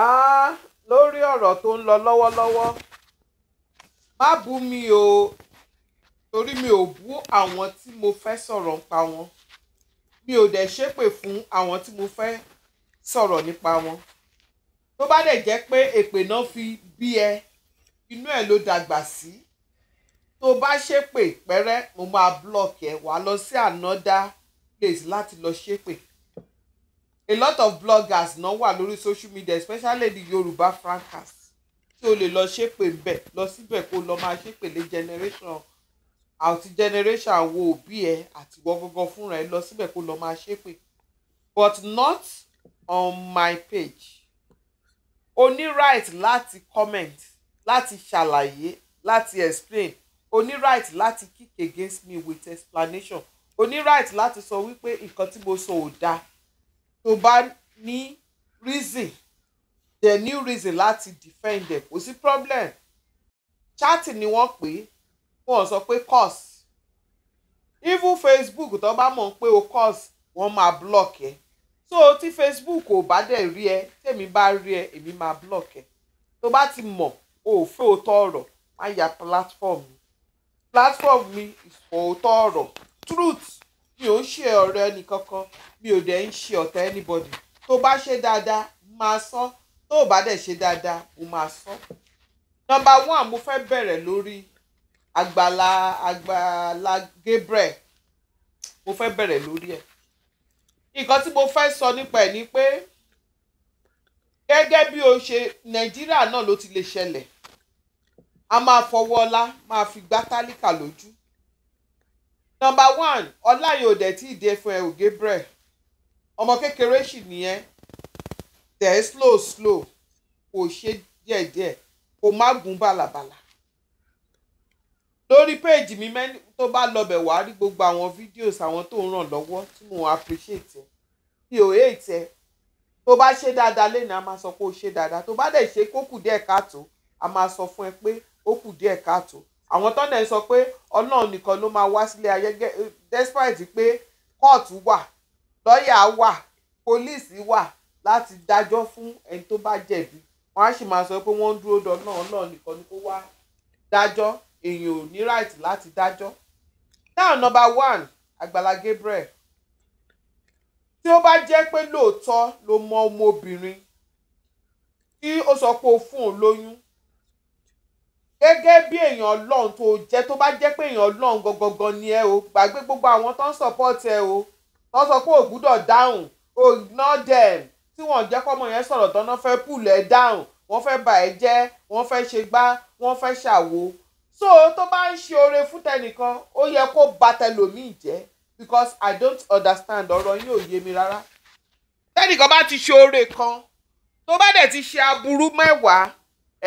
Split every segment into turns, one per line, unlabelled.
Ah, lórí ọ̀rọ̀ tó ń lọ lọ́wọ́lọ́wọ́. Má bú mi o torí mi ò bú àwọn tí mo fẹ́ sọ̀rọ̀ nípa wọn mi ò dẹ̀ ṣépè fún àwọn tí mo fẹ́ sọ̀rọ̀ nípa wọn tó bá dẹ̀ jẹ́ pé èpè náà fi bí ẹ inú ẹ̀ ló dàgbà sí tó bá ṣépè pẹ́rẹ́ mo máa block ẹ̀ wá lọ sí another place láti lọ ṣépè a lot of bloggers náà wà lórí social media especially the Yorùbá francas tí o lè lọ ṣépè bẹ̀ lọ síbẹ̀ kó lọ máa ṣépè lé generation àti generation àwọn òbí ẹ àti ìwọ gangan fúnra ẹ lọ síbẹ̀ kó lọ máa ṣépè but not on my page o ní right láti comment láti ṣàlàyé láti explain o ní right láti kick against me with explanation o ní right láti sọ wípé nǹkan tí mo sọ ò dáa tó bá ní reason the new reason láti defend them. kò sí problem chatting ni wọ́n pè é wọ́n sọ pé curse even facebook tó bá mọ̀ pé o curse wọ́n máa block ẹ so tí facebook ò bá dẹ̀ rí ẹ tèmi bá rí ẹ èmi máa block ẹ tó bá ti mọ̀ òfin òótọ́ ọ̀rọ̀ má ya platform mi platform mi òótọ́ ọ̀rọ̀ truth mi ò ń ṣe ọ̀rẹ́ ẹnìkankan mi ò dẹ̀ ń ṣe ọ̀tá anybody tó bá ṣe dáadáa máa sọ tó o bá dẹ̀ ṣe dáadáa o máa sọ. nọ́mbà one mo fẹ́ bẹ̀rẹ̀ lórí àgbàlá àgbàlá Gabriel mo fẹ́ bẹ̀rẹ̀ lórí ẹ̀ nǹkan tí mo fẹ́ sọ nípa ẹ̀ ni pé gẹ́gẹ́ bí o ṣe nàìjíríà náà ló ti lè ṣẹlẹ̀ a máa fọwọ́ ọlá máa fi gbá tálíkà lójú. nọmba one ọlá yóò dẹ̀ tí ì dé fún ẹ ògé brẹ̀ ọmọ kékeré sì nìyẹn tẹ̀ ẹ́ slow slow kò ṣe díẹ̀díẹ̀ kò má gùn bàlàbàlà. lórí péèjì mi mẹ́ni tó bá lọbẹ̀ wá rí gbogbo àwọn fídíòs àwọn tó ń ràn lọ́wọ́ tí mo appreciate ẹ̀ mi ò hate ẹ̀ tó bá ṣe dáadáa lẹ́nu a máa sọ pé o ṣe dáadáa tó bá dẹ̀ ṣe kó kù díẹ̀ káàtó a máa sọ fún ẹ pé ó kù díẹ̀ káàtó àwọn tó dẹ̀ sọ pé ọlọ́run nìkan ló máa wá sílé ayé despite pé kóòtù wà lọ́ọ̀yà wà pólíìsì wà láti dájọ́ fún ẹni tó bá jẹ̀bi wọ́n á sì máa sọ pé wọ́n ń dúró dọ́nà ọlọ́run nìkan ni kó wá dájọ́ èèyàn ò ní right láti dájọ́. now number one Àgbàlá Gabriel tí ó bá jẹ́ pé lóòótọ́ ló mọ ọmọbìnrin tí ó sọ pé ó fún òun lóyún gẹ́gẹ́ bí èèyàn ọlọ́run tó jẹ́ tó bá jẹ́ pé èèyàn ọlọ́run gangan ni ẹ o gbàgbé gbogbo àwọn tó ń support ẹ o wọ́n sọ pé ò gbúdọ̀ dáhùn o ignore them tí wọ́n jẹ́ kọ́mọ yẹn sọ̀rọ̀ tán fẹ́ pull ẹ down wọ́n fẹ́ bà ẹ́ jẹ́ wọ́n fẹ́ ṣe gbá wọ́n fẹ́ ṣàwo so tó bá ń ṣe oore fún tẹnìkan ó yẹ kó bà tẹlòmíì jẹ́ because i don't understand ọ̀rọ̀ yín ò yé mi rárá. tẹ́nìkan bá ti ṣe oore kan tó bá dẹ̀ ti ṣe aburú mẹ́wàá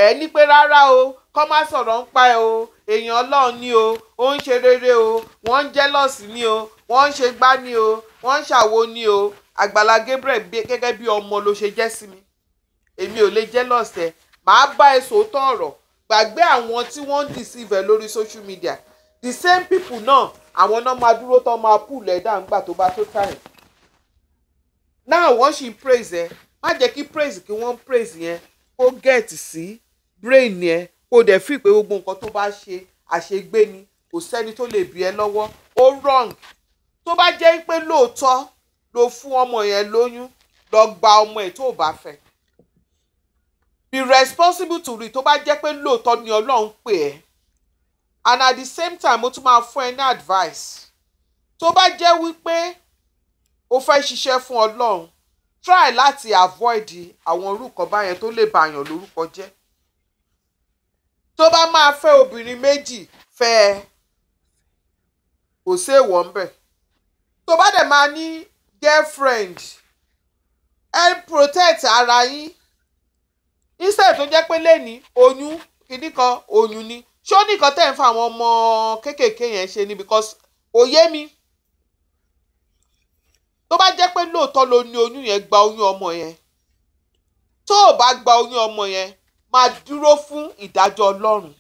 ẹ̀ ní pé rárá o kọ́ má sọ̀rọ̀ ń pa ẹ̀ o èèyàn ọlọ́run ni o ó ń ṣe rere o wọ́n ń jẹ́lọ́sì ni o wọ́n ń ṣe gbá ni o wọ́n ń ṣàwo ni o àgbàlá Gabriel gẹ́gẹ́ bí ọmọ ló ṣe jẹ́ sí mi èmi ò lè jẹ́lọ́sì ẹ̀ màá bá ẹ sòótọ́ ọ̀rọ̀ gbàgbé àwọn tí wọ́n ń deceive ẹ lórí social media the same people náà àwọn náà máa dúró tán máa pù lẹ́dà ńgbà tó bá tó time now wọ́n ṣì ń praise ẹ má jẹ́ kí praise kí wọ́n praise yẹn kó get sí brain yẹn kó dẹ̀ fi pé gbogbo nǹkan tó bá ṣe àṣegbé ni kò sẹ́ni tó lè bí ẹ lọ́wọ́ ó wrong tó bá jẹ́ pé lóòótọ́ ló fún ọmọ yẹn lóyún lọ gba ọmọ ẹ̀ tó bá fẹ́ be responsible to re tó bá jẹ́ pé lóòótọ́ ni Ọlọ́run pè ẹ́ and at the same time mo tún máa fún ẹ ní advice tó bá jẹ́ wípé o fẹ́ ṣiṣẹ́ fún ọlọ́run try láti avoid àwọn orúkọ báyẹn tó lè bàyàn lórúkọ jẹ́ tó bá máa fẹ́ obìnrin méjì fẹ́ ẹ kò sí èèwọ̀ ńbẹ̀ tó bá dẹ̀ máa ní girlfriend help protect ara yín instead tó jẹ́ pé lẹ́ni oyún kìíní kan oyún ni ṣó ní nǹkan tẹ́ ń fa àwọn ọmọ kéékèèké yẹn ṣe ni because òye mi tó bá jẹ́ pé lóòótọ́ ló ní oyún yẹn gba oyún ọmọ yẹn tó o bá gba oyún ọmọ yẹn máa dúró fún ìdájọ́ ọlọ́run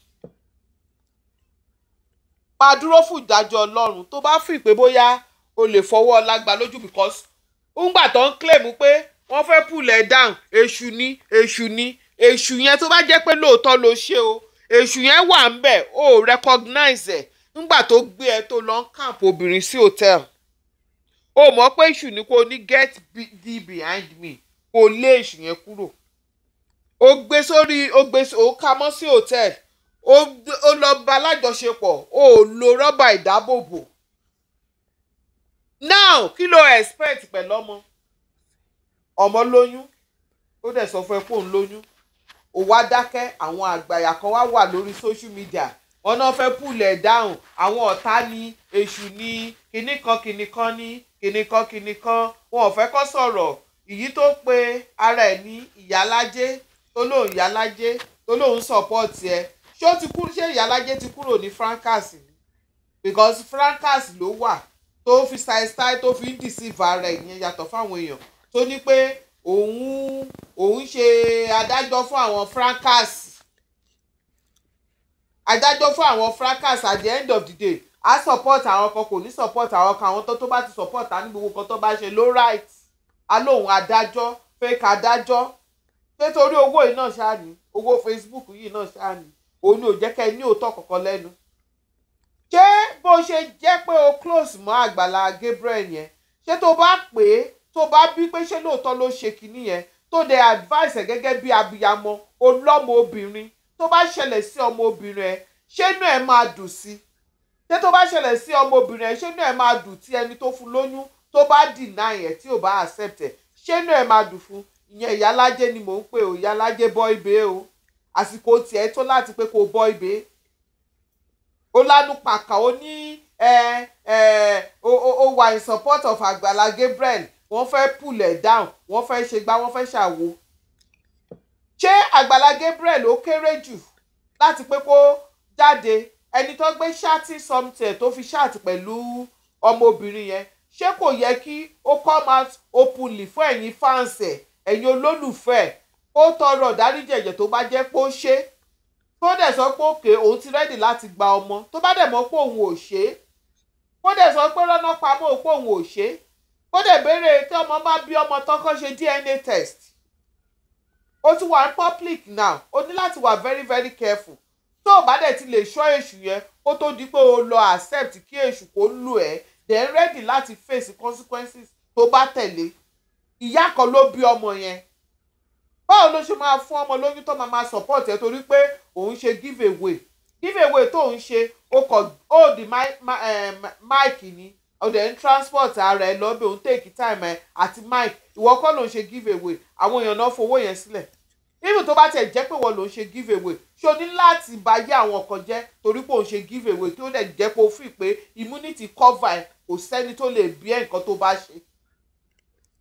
máa dúró fún ìdájọ́ ọlọ́run tó bá fi pé bóyá o lè fọwọ́ lágbà lójú because ńgbà tó ń claim pé wọ́n fẹ́ pull ẹ̀ down èṣù ni èṣù ni èṣù yẹn tó bá jẹ́ pé lóòótọ́ ló ṣe o èṣù yẹn wà ń bẹ̀ ó recognize ẹ̀ ńgbà tó gbé ẹ tó lọ ń camp obìnrin sí hotel ó mọ̀ pé èṣù ni kò ní get thee behind me kò lé èṣù yẹn kúrò ó gbé sórí ó gbé ó kámọ́ sí hotel ó lọ bá alájọṣepọ̀ ó lo rọ́bà ìdáàbòbò now kí ló expect pẹ̀lú ọmọ ọmọ lóyún ó dẹ̀ sọ fún ẹ pé òun lóyún ó wá dákẹ́ àwọn àgbàyà kan wá wà lórí social media wọn náà fẹ́ pùlẹ̀ dáhùn àwọn ọ̀tá ni èṣù ni kìnnìkan kìnnìkan ni kìnnìkan kìnnìkan wọn ò fẹ́ kọ́ sọ̀rọ̀ ìyí tó pe ara ẹ̀ ní ìyálájé tó lóun ìyálájé tó lóun sọ̀pọ̀tì ẹ̀ ṣé ó ti kú ṣé ìyálájé ti kúrò ní Francas ni because Francas ló wà tó fi style style tó fi ń dìsí ìvà rẹ̀ ìyẹn yàtọ̀ fáwọn èèyàn tó ní pé òun òun ṣe adájọ́ fún àwọn fracas adájọ́ fún àwọn fracas at the end of the day á support àwọn kan kò ní support àwọn kan àwọn tó tó bá ti support á ní gbogbo kan tó bá ṣe ló right á lóun adájọ́ fake adájọ́ nítorí owó yìí náà ṣáà ní owó Facebook yìí náà ṣáà ní òun ni ò jẹ́ kẹ́ ẹ ní òótọ́ kankan lẹ́nu ṣé bó ṣe jẹ́ pé o close mọ́ Àgbàlá Gabriel yẹn ṣé tó bá pè é tó bá bí pé ṣé lóòótọ́ ló ṣe kínní yẹn tó dẹ advice ẹ̀ gẹ́gẹ́ bí abiyamọ olọ́mọ obìnrin tó bá ṣẹlẹ̀ sí ọmọ obìnrin ẹ̀ ṣé inú ẹ̀ máa dùn sí ṣé tó bá ṣẹlẹ̀ sí ọmọ obìnrin ẹ̀ ṣé inú ẹ̀ máa dùn tí ẹni tó fún lóyún tó bá deny ẹ̀ tí ò bá accept ẹ̀ ṣé inú ẹ̀ máa dùn fún ìyẹn ìyálájé ni mò ń pè ó ìyálájé bọ́ ibè o àsìkò tiẹ̀ tó láti pé kó o bọ́ ibè ó lánú pàkà ó ní ẹ ẹ ó wà in support of Àgbàlá Gabriel wọ́n fẹ́ pull ẹ̀ down wọ́n fẹ́ ṣe gbá wọ́n fẹ́ ṣàwo ṣé Àgbàlá Gabriel ó kéré jù láti pé kó jáde ẹni tó gbé ṣáàtì something tó fi ṣáàtì pẹ̀lú ọmọbìnrin yẹn ṣé kò yẹ kí ó come out openly fún ẹ̀yin fans ẹ̀ ẹ̀yin olólùfẹ́ ẹ̀ ó tọrọ ìdáríjẹ̀jẹ̀ tó bá jẹ́ pé ó ṣe tó dẹ̀ sọ pé òkè òun ti rẹ́dì láti gba ọmọ tó bá dẹ̀ mọ̀ pé òun ò ṣe é kó dẹ̀ sọ pé rọ́nà pamọ́ pé òun ò ṣe é ó dẹ̀ béèrè tí ọmọ bá bí ọmọ tọ́kọ́ ṣe DNA test ó ti wà public now ó ní láti wà very very careful tó o bá dẹ̀ ti lè ṣọ́ èṣù yẹn ó tó di pé o lọ accept kí èṣù kó lù ẹ́ then ready láti face consequences tó bá tẹ̀lé ìyá kan ló bí ọmọ yẹn báwo ló ṣe máa fún ọmọ lóyún tó máa máa support ẹ torí pé òun ṣe give away give away tó ń ṣe ó kọ ó di máìkì eh, ni ọ̀dẹ̀ ń transport ara ẹ lọ́bẹ̀ òun take time ẹ àti Mike. ìwọ kọ́ ló ń ṣe give away àwọn èèyàn náà fowó yẹn sílẹ̀ even tó bá tẹ̀ jẹ́ pé wọ́n ló ń ṣe give away ṣé o ní láti bá yé àwọn kan jẹ́ torí pé òun ṣe give away kí ó dẹ̀ jẹ́ pé o fi pé immunity cover ẹ kò sẹ́ni tó lè bí ẹ̀ nǹkan tó bá ṣe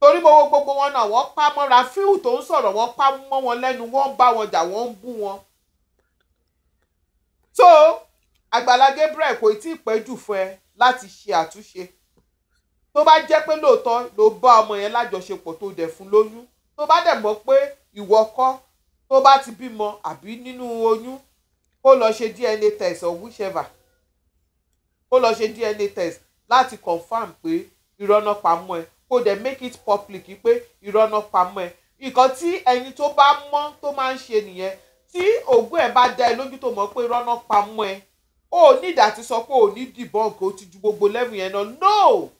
torí gbogbo gbogbo wọn náà wọ́n pa mọ́ra fíìwù tó ń sọ̀rọ̀ wọ́n pa mọ́ wọn lẹ́nu wọ́n bá wọn jà wọ́n ń bú wọn. so Àgbàlá Gabriel kò tí ì pẹ́ jù fún ẹ láti ṣe àtúnṣe tó bá jẹ́ pé lóòótọ́ ló bá ọmọ yẹn lájọṣepọ̀ tó dẹ̀ fún lóyún tó bá dẹ̀ mọ̀ pé ìwọ kọ́ tó bá ti bímọ àbí nínú oyún kó lọ ṣe DNA test or whichever kó lọ ṣe DNA test láti confam pé ìrọ́nà pamọ́ ẹ kó dẹ̀ make it public pé ìrọ́nà pamọ́ ẹ nǹkan tí ẹni tó bá mọ̀ tó máa ń ṣe nìyẹn tí òògùn ẹ̀ bá dá ẹ lójú tó mọ̀ pé ìrọ́nà pamọ́ ẹ o ní ìdàtí sọ pé o ní debunk o ti ju gbogbo level yẹn lọ no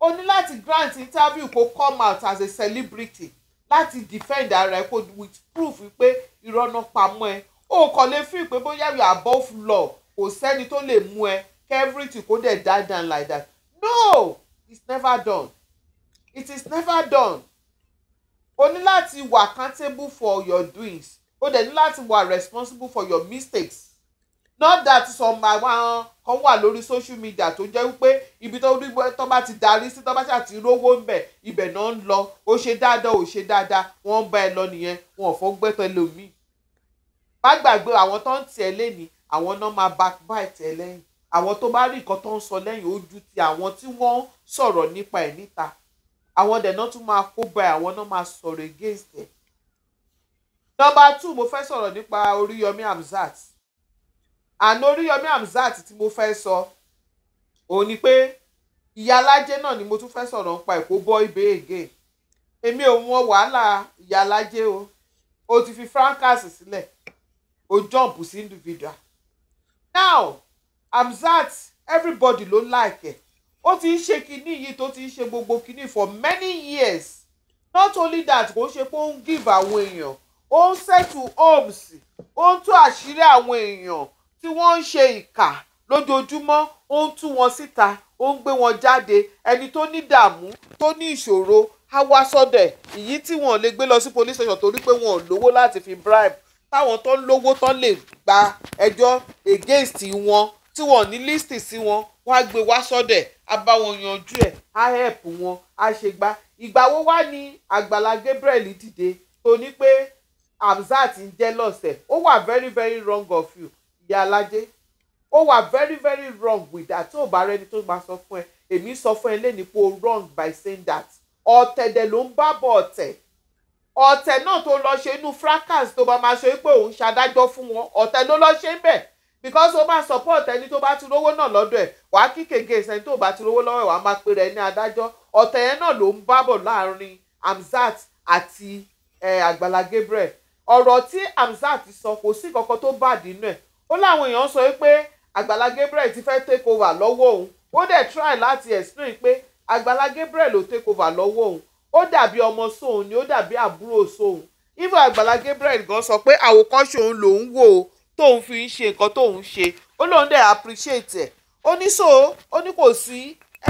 o ní láti grant interview kó come out as a celebrity láti defend ara ẹ with proof pé irọ́ náà pamọ́ ẹ o kàn lè fi pé bóyá you are above law kò sẹ́ni tó lè mú ẹ everything kó dẹ̀ die down like that no it's never done it is never done o ní láti wà accountable for your doings o dẹ̀ ní láti wà responsible for your mistakes not that some my àwọn kan wà lórí social media tó jẹ́ wípé ibi tó rí tó bá ti darí sí tó bá ṣàti rówó ń bẹ̀ ibẹ̀ náà ń lọ ó ṣe dáadáa ó ṣe dáadáa wọ́n ń bá ẹ lọ nìyẹn wọn ò fọ́ gbẹ́tọ̀ lómi. má gbàgbé àwọn tó ń tiẹ̀ lẹ́ni àwọn náà máa backbite ẹ lẹ́yìn àwọn tó bá rí nǹkan tó ń sọ lẹ́yìn ojú ti àwọn tí wọ́n sọ̀rọ̀ nípa ẹ̀ níta àwọn dẹ̀ náà tún máa kó bá àwọn náà máa sọ̀rọ̀ against ẹ̀. nọ́mbà two mo fẹ́ sọ̀rọ̀ nípa Oríyọmí Hamzat àná oríyọmí hamzat tí mo fẹ́ sọ òun ni pé ìyálájẹ náà ni mo tún fẹ́ sọ̀rọ̀ nípa èkó bọ́ ibè ègè èmi ò mọ wàhálà ìyálájẹ o o ti fi francas sílẹ̀ o jump sí individual now hamzat everybody ló like ẹ̀ ó ti ń ṣe kinní yìí tó ti ń ṣe gbogbo kinní for many years not only that kò ń ṣe pé ó ń give àwọn èèyàn ó ń settle homes ó ń tú àṣírí àwọn èèyàn tí wọ́n ń ṣe ìkà lójoojúmọ́ ó ń tú wọn síta ó ń gbé wọn jáde ẹni tó ní dààmú tó ní ìṣòro á wá sọ́dọ̀ ẹ̀ èyí tí wọ́n lè gbé lọ sí police station torí pé wọn ò lówó láti fi bribe táwọn tó ń lówó tán lè gba ẹjọ́ against wọn tí wọ́n ní list sí wọn wọ́n á gbé wá sọ́dọ̀ ẹ̀ á bá wọn yanjú ẹ̀ á help wọn á ṣe gbá ìgbà wo wá ni Àgbàlá Gabriel dìde tó ní pé Hamzat ń jẹ́ lọ́sẹ̀ ó wà very very wrong of you ìyá alájẹ ó wà very very wrong with that tí ò bá rẹni tó máa sọ fún ẹ èmi sọ fún ẹ lẹ́ni pé o wrong by saying that ọ̀tẹ̀ dẹ̀ ló ń bá bọ̀ ọ̀tẹ̀ ọ̀tẹ̀ náà tó lọ ṣe inú fracas tó bá máa ṣe pé òun ṣadájọ́ fún wọn ọ̀tẹ̀ ló lọ ṣe ń bẹ̀ because o máa support ẹni tó bá ti rówó náà lọ́dọ̀ ẹ̀ wàá kí kèké ẹni tó bá ti rówó lọ́wọ́ ẹ̀ wàá máa pèrè ẹni adájọ́ ọ̀tẹ̀ yẹn náà ló ń bábọ̀ láàrin Hamzat àti eh, Àgbàlá Gabriel ọ̀rọ̀ tí Hamzat sọ kò sí kankan tó bàdínú ẹ̀ ó láwọn èèyàn sọ pé àgbàlá Gabriel ti fẹ́ take over lọ́wọ́ òun ó dẹ̀ try láti explain pé àgbàlá Gabriel ló take over lọ́wọ́ òun ó dàbí ọmọ sóun ni ó dàbí àbúrò sóun even àgbàlá Gabriel gan sọ pé àwòkọ́ṣe òun lòún wò ó tóun fi ń ṣe nǹkan tóun ṣe ó lóun dẹ̀ appreciate ẹ̀ ó ní so ó ní kò sí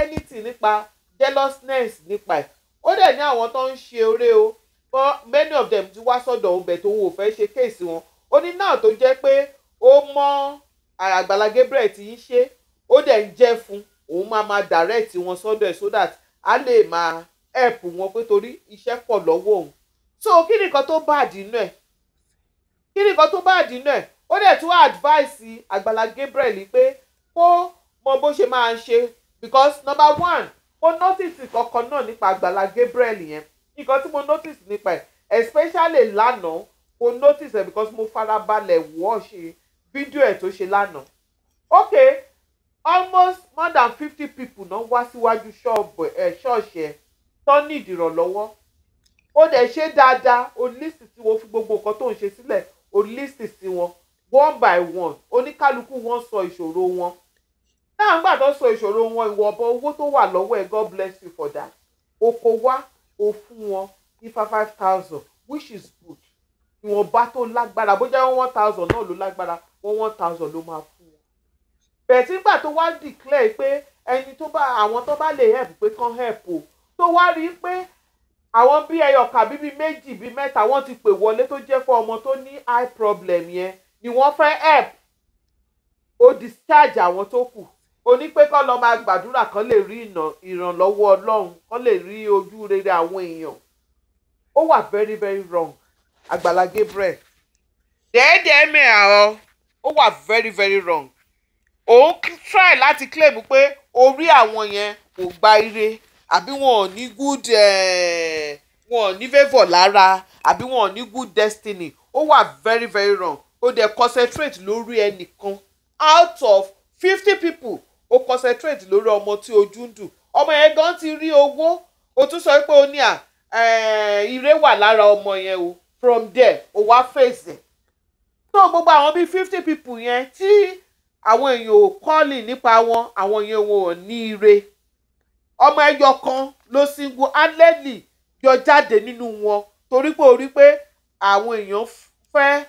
anything nípa jealousness nípa ẹ̀ ó dẹ̀ ní àwọn tó ń ṣe eré o but many of them ti wá sọ́dọ̀ òun bẹ̀ tó wò fẹ́ ṣe kéèsì wọn ó ní náà tó jẹ́ pé ó mọ́ Àgbàlá Gabriel ti ń ṣe ó dẹ̀ ń jẹ́ fún òun máa máa direct wọn sọ́dọ̀ ẹ̀ so that a lè máa help wọn pé torí iṣẹ́ pọ̀ lọ́wọ́ òun so kí ni nǹkan tó bá àdínú ẹ̀ kí ni nǹkan tó bá àdínú ẹ̀ ó dẹ̀ tún advice Àgbàlá Gabriel pé kó mọ bó ṣe máa ń ṣe because number one mo notice kankan náà nípa Àgbàlá Gabriel yẹn nǹkan tí mo notice nípa ẹ̀ especially lánàá mo notice ẹ̀ because mo farabalẹ̀ wọ́ ṣe fídíò ẹ̀ tó ṣe lánàá ok almost more than fifty people náà wá síwájú ṣọ́ọ̀ṣì ẹ̀ tó ní ìdìrànlọ́wọ́ ó dẹ̀ ṣe dáadáa o lísì tí wọ́n fi gbogbo nǹkan tó ń ṣe sílẹ̀ o lísì sí wọn one by one oníkálukú wọn sọ ìṣòro wọn náà ń gbàdán sọ ìṣòro wọn ìwọ̀nba owó tó wà lọ́wọ́ ẹ̀ God bless you for that o kò wá o fún wọn ní five five thousand which is good ìwọ̀nba tó lágbára bójá one thousand náà ló lágbára wọn one thousand ló máa fún wọn. bẹ̀tí nígbà tó wá declare pé ẹni tó bá àwọn tó bá lè help pé kán help o tó wá rí i pé àwọn bíi ẹyọkà bíbí méjì bíi mẹ́ta wọ́n ti pè wọlé tó jẹ́ fún ọmọ tó ní eye problem yẹn ni wọ́n fẹ́ help ó discharge àwọn tó kù ó ní pé kán lọ máa gbàdúrà kán lè rí ìrànlọ́wọ́ ọlọ́run kán lè rí ojú rere àwọn èèyàn ó wà very very wrong Àgbàlá Gabriel. dẹ́ẹ́dẹ́ẹ́ mẹ́ àọ́ ó wà very very wrong òun try láti claim pé orí àwọn yẹn kò gba ire àbí wọn ò ní good eh, wọn ò ní favour lára àbí wọn ò ní good destiny ó wà very very wrong ó dẹ̀ concentrate lórí ẹnìkan out of fifty people ó concentrate lórí ọmọ tí ojú ń dùn ọmọ yẹn gan ti rí owó ó tún sọ pé ó ní à eh, ire wà lára ọmọ yẹn o from there ó wá face it náà gbogbo àwọn bíi fifty people yẹn tí àwọn èèyàn ò kọ́ọ̀lì nípa wọn àwọn èèyàn wọn ò ní ire ọmọ ẹyọ kan ló single handedly yọ jáde nínú wọn torí pé o rí pé àwọn èèyàn fẹ́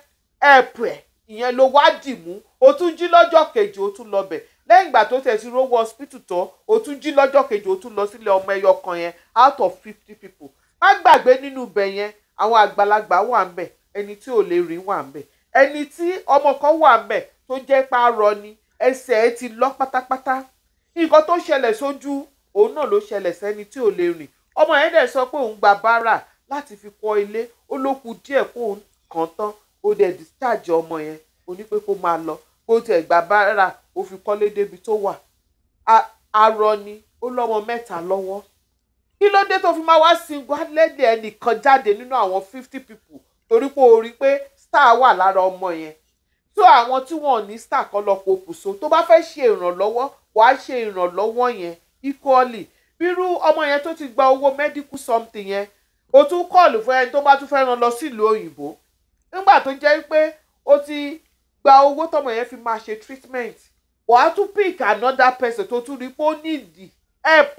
ẹ̀pẹ̀ ìyẹn ló wá dì mú o tún jí lọ́jọ́ kejì o tún lọ bẹ̀ lẹ́yìn ìgbà tó tẹ̀ sí rówó hospital tán o tún jí lọ́jọ́ kejì o tún lọ sílé ọmọ ẹyọ kan yẹn out of fifty people má gbàgbé nínú ibẹ̀ yẹn àwọn àgbàlagbà wà ń bẹ̀ ẹni tí ò lè rìn wà ń bẹ̀ ẹni tí ọmọ kan wà mẹ́ tó jẹ́ pààrọ̀ ni ẹsẹ̀ ẹ ti lọ pátápátá nǹkan tó ṣẹlẹ̀ sójú òun náà ló ṣẹlẹ̀ sẹ́ni tí ò lè rìn ọmọ yẹn dẹ̀ sọ pé òun gba bárà láti fi kọ́ ilé ó ló kù díẹ̀ kó òun kàn tán ó dẹ̀ discharge ọmọ yẹn ó ní pé kó máa lọ kó tiẹ̀ gba bárà ó fi kọ́lé débi tó wà arọ ni ó lọ́mọ mẹ́ta lọ́wọ́ kí ló dé tó fi máa wá single handedly ẹnìkan jáde nínú àwọn fifty people torí pé o rí pé star wà lára ọmọ yẹn tó àwọn tí wọn ò ní star kan lọ pokùnso tó bá fẹ́ ṣe ìrànlọ́wọ́ wàá ṣe ìrànlọ́wọ́ yẹn equally bírú ọmọ yẹn tó ti gba owó medical something yẹn o tún kọ́ọ̀lù fún ẹni tó bá tún fẹ́ ràn lọ sílùú òyìnbó nígbà tó jẹ́ pé o ti gba owó tọmọ yẹn fi máa ṣe treatment wàá tún pick another person tó tún rí pé ó nídìí help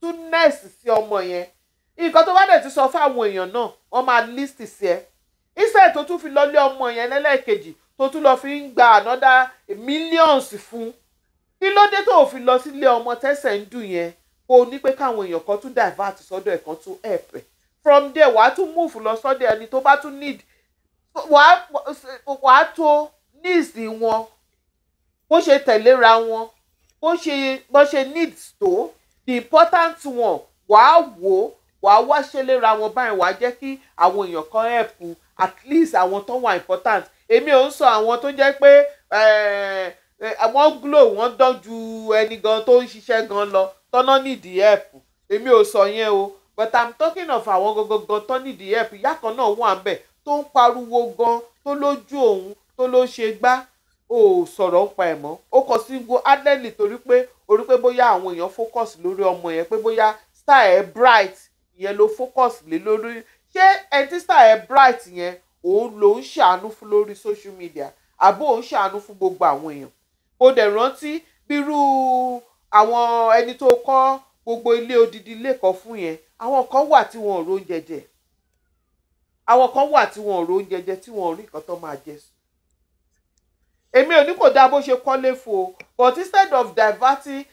tún nurse sí ọmọ yẹn nǹkan tó bá dẹ̀ ti sọ fáwọn èèyàn náà wọ́n máa list sí ẹ instead tó tún fi lọ lé ọmọ yẹn lẹ́lẹ́kejì tó tún lọ fi ń gba another millions fún kí ló dé tó fi lọ sílé ọmọ tẹ́sẹ̀ ń dùn yẹn kó o ní pé káwọn èèyàn kan tún divert sọ́dọ̀ ẹ̀ kan tún help from there wàá tún move lọ sọ́dọ̀ ẹni tó bá tún need wàá tó needs wọn bó ṣe tẹ̀léra wọn bó ṣe bó ṣe needs tó the important one wàá wò ó wàá wá ṣẹlẹ́ra wọn báyìí wàá jẹ́ kí àwọn èèyàn kan help at least àwọn tó wà important èmi ò ń sọ àwọn tó jẹ́ pé eh, eh, wọ́n glow wọ́n dán ju ẹni gan tó ń ṣiṣẹ́ gan lọ tọ́nà nídìí help èmi ò sọ yẹn o but i'm talking of àwọn gangan tó nídìí help ìyá kan náà wà ń bẹ̀ tó ń pariwo gan tó lójú òun tó ló ṣe gbá ò sọ̀rọ̀ ń ẹ̀ mọ́ ó kọ sí go adẹ́lì torí pé orí pé bóyá àwọn èèyàn focus lórí ọmọ yẹn pé bóyá style ẹ̀ bright yẹn ló focus lé lórí ṣé ẹtísà ẹ bright yẹn òun ló ń ṣàánú fún lórí social media àbó òun ṣàánú fún gbogbo àwọn èèyàn ó dẹ̀ rántí bírú àwọn ẹni tó kọ́ gbogbo ilé odidi lẹ́kọ̀ọ́ fún yẹn àwọn kan wà tí wọn ò ró oúnjẹ jẹ àwọn kan wà tí wọn ò ró oúnjẹ jẹ tí wọn rí nǹkan tó máa jẹ sùn èmi ò ní kò dáa bó ṣe kọ́lé fún o but instead of diverting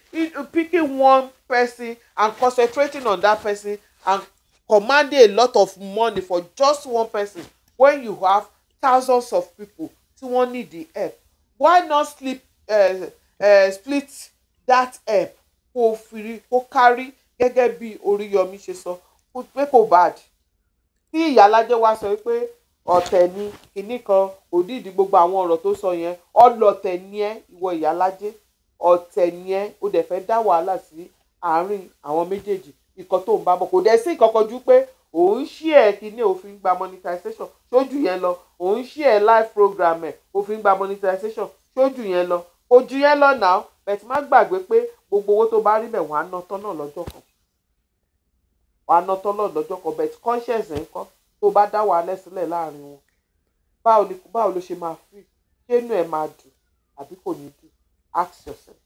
picking one person and concentrating on that person and commanding a lot of money for just one person when you have thousands of people tí wọ́n need the help why not sleep, uh, uh, split that help kó firi kó carry. gẹ́gẹ́ bí Oríyọmí ṣe sọ pé kò bad tí ìyálájẹ wa sọ pé ọ̀tẹ̀ ni kinní kan òdìdí gbogbo àwọn ọ̀rọ̀ tó sọ yẹn ọlọ́tẹ̀ ni ẹ́ ìwọ ìyálájẹ ọ̀tẹ̀ ni ẹ́ o dẹ̀ fẹ́ dá wàhálà sí àárín àwọn méjèèjì ìkan tó ń bá bọ̀ kò dẹ̀ sí ìkọ̀kọ̀ ju pé òun ṣí ẹ̀ kíní òfin gba monetization ṣójú yẹn lọ òun ṣí ẹ̀ live program ẹ̀ òfin gba monetization ṣójú yẹn lọ kò ju yẹn lọ náà bẹ̀tí má gbàgbé pé gbogbo owó tó bá rí bẹ̀ wàá ná tán náà lọ́jọ́ kan wàá ná tán náà lọ́jọ́ kan bẹ̀tí conscience ẹ̀ ń kọ́ tó bá dá wàhálẹ̀ sílẹ̀ láàrin wọn báwo ló ṣe máa fi ṣé inú ẹ̀ máa dùn àbí kò ní dùn ask yourself.